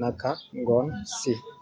naka ngoon si